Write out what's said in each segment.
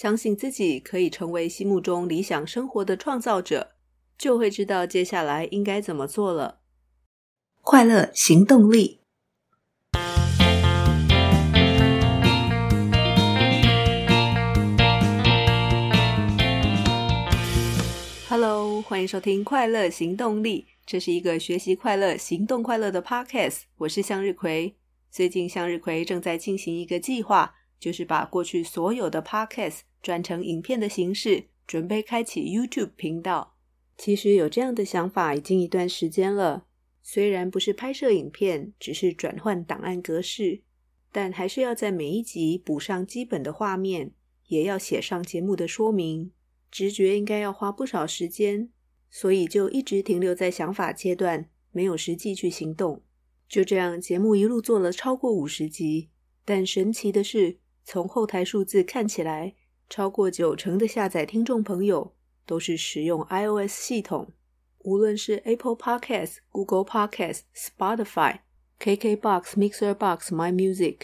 相信自己可以成為心目中理想生活的創造者，就會知道接下來應該怎麼做了。快樂行動力。Hello，歡迎收聽快樂行動力，這是一個學習快樂、行動快樂的 Podcast。我是向日葵。最近向日葵正在進行一個計劃，就是把過去所有的 Podcast。轉成影片的形式，準備開啟 YouTube 頻道。其實有這樣的想法已經一段時間了，雖然不是拍攝影片，只是轉換檔案格式，但還是要在每一集補上基本的畫面，也要寫上節目的說明。直覺應該要花不少時間，所以就一直停留在想法階段，沒有實際去行動。就這樣，節目一路做了超過五十集，但神奇的是，從後台數字看起來。超過九成的下載聽眾朋友都是使用 iOS 系統，無論是 Apple Podcast、Google Podcast、Spotify、KKBox、MixerBox、My Music，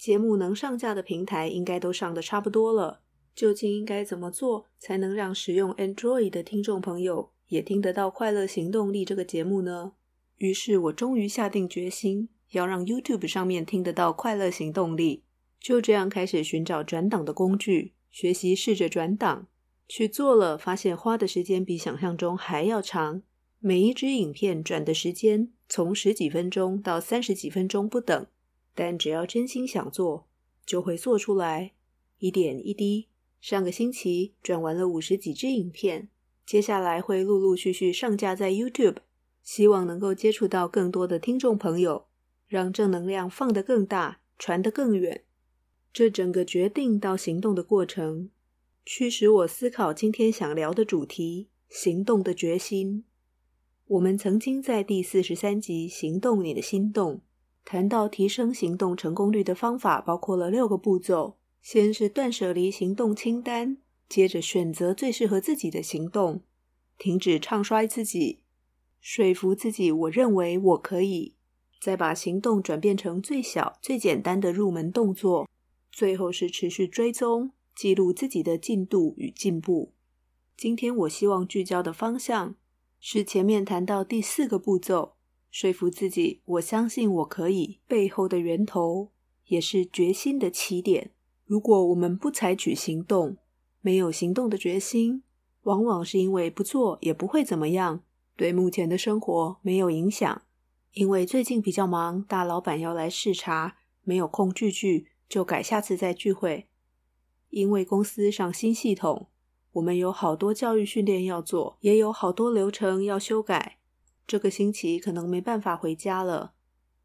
節目能上架的平台應該都上得差不多了。究竟應該怎麼做才能讓使用 Android 的聽眾朋友也聽得到《快樂行動力》這個節目呢？於是我終於下定決心要讓 YouTube 上面聽得到《快樂行動力》，就這樣開始尋找轉檔的工具。學習試着轉檔，去做了，發現花的時間比想象中還要長。每一支影片轉的時間從十幾分鐘到三十幾分鐘不等，但只要真心想做，就會做出來。一點一滴，上個星期轉完了五十幾支影片，接下來會陸陸續續上架在 YouTube，希望能夠接觸到更多的聽眾朋友，讓正能量放得更大，傳得更遠。這整個決定到行動的過程，驅使我思考今天想聊的主題——行動的決心。我們曾經在第四十三集《行動你的心動》談到，提升行動成功率的方法包括了六個步驟：先是斷捨離行動清單，接着選擇最適合自己的行動，停止唱衰自己、說服自己“我認為我可以”，再把行動轉變成最小、最簡單的入門動作。最後是持續追蹤，記錄自己的進度與進步。今天我希望聚焦的方向是前面談到第四個步驟，說服自己，我相信我可以。背後的源頭也是決心的起點。如果我們不採取行動，沒有行動的決心，往往是因為不做也不會怎麼樣，對目前的生活沒有影響。因為最近比較忙，大老板要來視察，沒有空聚聚。就改下次再聚會，因為公司上新系統，我們有好多教育訓練要做，也有好多流程要修改。這個星期可能沒辦法回家了。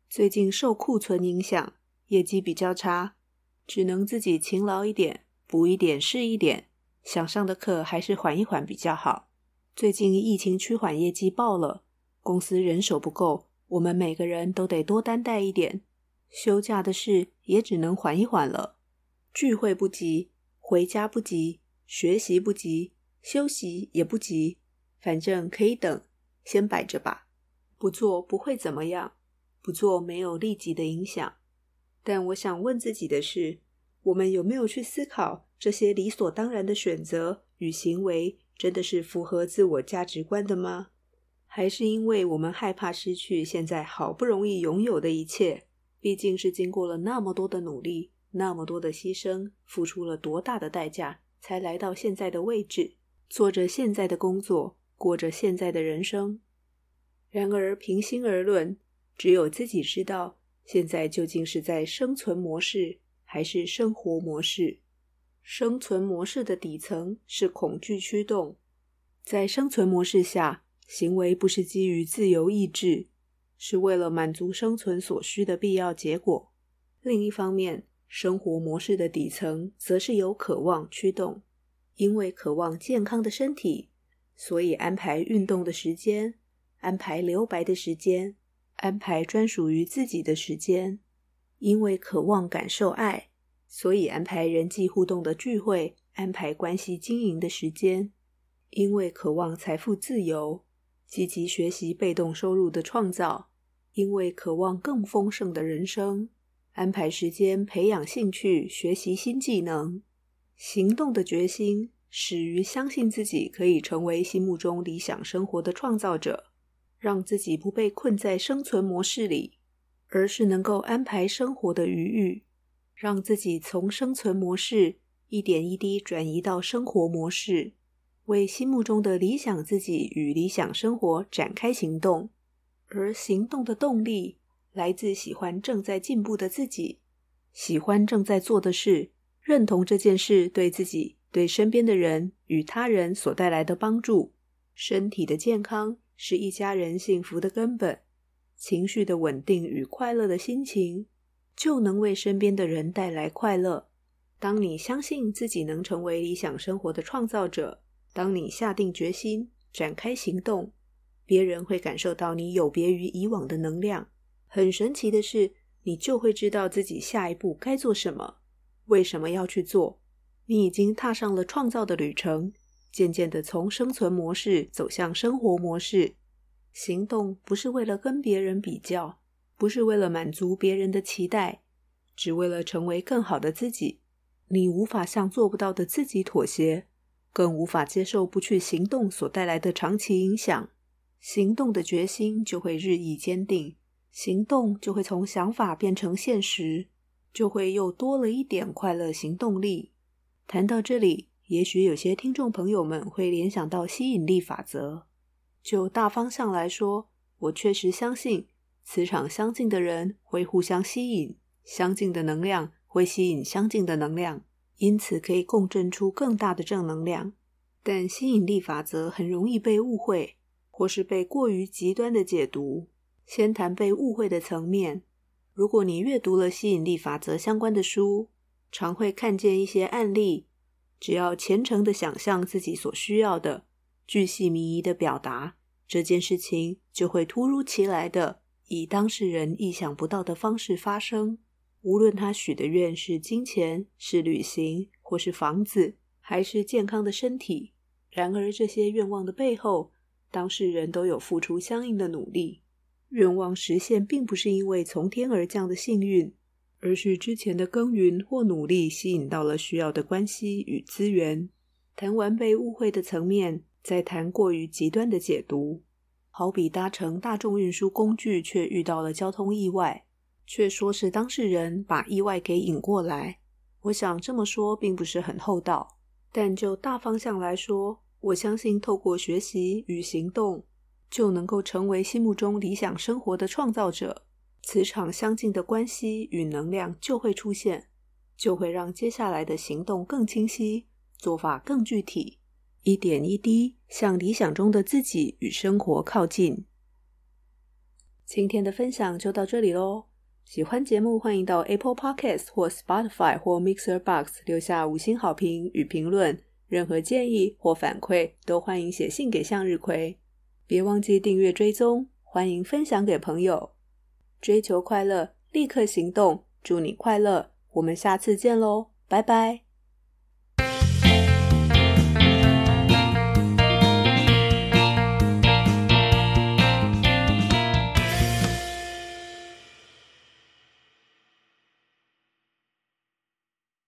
最近受庫存影響，業績比較差，只能自己勤勞一點，補一點是一點。想上的課還是緩一緩比較好。最近疫情趨緩，業績爆了，公司人手不夠，我們每個人都得多擔待一點。休假的事也只能緩一緩了。聚會不急，回家不急，學習不急，休息也不急。反正可以等，先擺着吧。不做不會怎麼樣，不做沒有立即的影響。但我想問自己的是：我們有沒有去思考這些理所當然的選擇與行為，真的是符合自我價值觀的嗎？還是因為我們害怕失去現在好不容易擁有的一切？畢竟是經過了那麼多的努力，那麼多的犧牲，付出了多大的代價，才來到現在的位置，做着現在的工作，過着現在的人生。然而，平心而論，只有自己知道，現在究竟是在生存模式還是生活模式？生存模式的底層是恐懼驅動，在生存模式下，行為不是基於自由意志。是為了滿足生存所需的必要結果。另一方面，生活模式的底層則是由渴望驅動，因為渴望健康的身體，所以安排運動的時間，安排留白的時間，安排專屬於自己的時間；因為渴望感受愛，所以安排人際互動的聚會，安排關係經營的時間；因為渴望財富自由，積極學習被動收入的創造。因為渴望更豐盛的人生，安排時間培養興趣、學習新技能，行動的決心始於相信自己可以成為心目中理想生活的創造者，讓自己不被困在生存模式裡，而是能夠安排生活的餘裕，讓自己從生存模式一點一滴轉移到生活模式，為心目中的理想自己與理想生活展開行動。而行動的動力來自喜歡正在進步的自己，喜歡正在做的事，認同這件事對自己、對身邊的人與他人所帶來的幫助。身體的健康是一家人幸福的根本，情緒的穩定與快樂的心情，就能為身邊的人帶來快樂。當你相信自己能成為理想生活的創造者，當你下定決心展開行動。別人會感受到你有別於以往的能量。很神奇的是，你就會知道自己下一步該做什麼，為什麼要去做。你已經踏上了創造的旅程，漸漸地從生存模式走向生活模式。行動不是為了跟別人比較，不是為了滿足別人的期待，只為了成為更好的自己。你無法向做不到的自己妥協，更無法接受不去行動所帶來的長期影響。行動的決心就會日益堅定，行動就會從想法變成現實，就會又多了一點快樂行動力。談到這裡，也許有些聽眾朋友們會聯想到吸引力法則。就大方向來說，我確實相信磁場相近的人會互相吸引，相近的能量會吸引相近的能量，因此可以共振出更大的正能量。但吸引力法則很容易被誤會。或是被過於極端的解讀，先談被誤會的層面。如果你閱讀了吸引力法則相關的書，常會看見一些案例。只要虔誠地想象自己所需要的，巨細靡遺地表達，這件事情就會突如其來的以當事人意想不到的方式發生。無論他許的願是金錢、是旅行，或是房子，還是健康的身體。然而，這些願望的背後。當事人都有付出相應的努力，願望實現並不是因為從天而降的幸運，而是之前的耕耘、或努力吸引到了需要的關係與資源。談完被誤會的層面，再談過於極端的解讀，好比搭乘大眾運輸工具卻遇到了交通意外，卻說是當事人把意外給引過來。我想這麼說並不是很厚道，但就大方向來說，我相信，透過學習與行動，就能夠成為心目中理想生活的創造者。磁場相近的關係與能量就會出現，就會讓接下來的行動更清晰，做法更具體，一點一滴向理想中的自己與生活靠近。今天的分享就到這裡嘍。喜歡節目，歡迎到 Apple Podcast 或 Spotify 或 Mixer Box 留下五星好評與評論。任何建議或反饋都歡迎寫信給向日葵，別忘記訂閱追蹤，歡迎分享給朋友。追求快樂，立刻行動，祝你快樂，我們下次見嘍，拜拜。